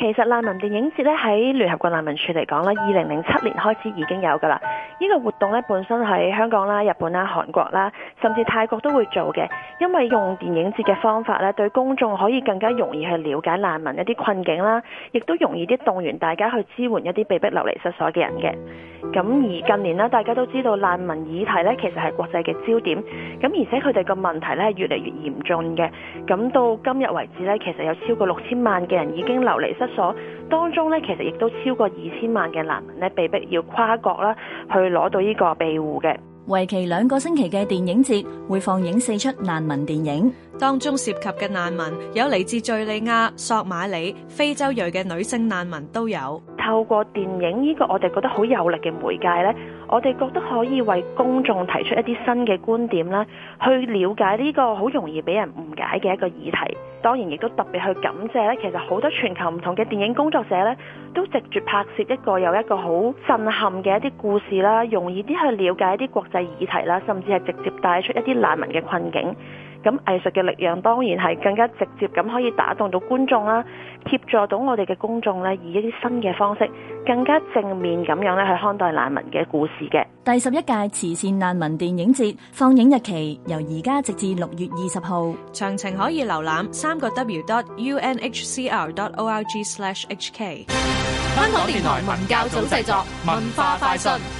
其實難民電影節咧喺聯合國難民署嚟講咧，二零零七年開始已經有㗎啦。呢、這個活動咧本身喺香港啦、日本啦、韓國啦，甚至泰國都會做嘅，因為用電影節嘅方法咧，對公眾可以更加容易去了解難民一啲困境啦，亦都容易啲動員大家去支援一啲被迫流離失所嘅人嘅。咁而近年啦，大家都知道難民議題咧，其實係國際嘅焦點。咁而且佢哋個問題咧係越嚟越嚴重嘅。咁到今日為止咧，其實有超過六千萬嘅人已經流離失所當中咧，其實亦都超過二千萬嘅難民咧，被逼要跨國啦，去攞到呢個庇護嘅。為期兩個星期嘅電影節會放映四出難民電影，當中涉及嘅難民有嚟自敘利亞、索馬里、非洲裔嘅女性難民都有。透過電影呢個，我哋覺得好有力嘅媒介咧，我哋覺得可以為公眾提出一啲新嘅觀點啦，去了解呢個好容易俾人誤解嘅一個議題，當然，亦都特別去感謝咧，其實好多全球唔同嘅電影工作者咧，都直接拍攝一個有一個好震撼嘅一啲故事啦，容易啲去了解一啲國際議題啦，甚至係直接帶出一啲難民嘅困境。咁藝術嘅力量當然係更加直接咁可以打動到觀眾啦，協助到我哋嘅公眾咧，以一啲新嘅方式，更加正面咁樣咧去看待難民嘅故事嘅。第十一屆慈善難民電影節放映日期由而家直至六月二十號，詳情可以瀏覽三個 w dot unhcr dot org slash hk。香港電台文教組製作，文化快訊。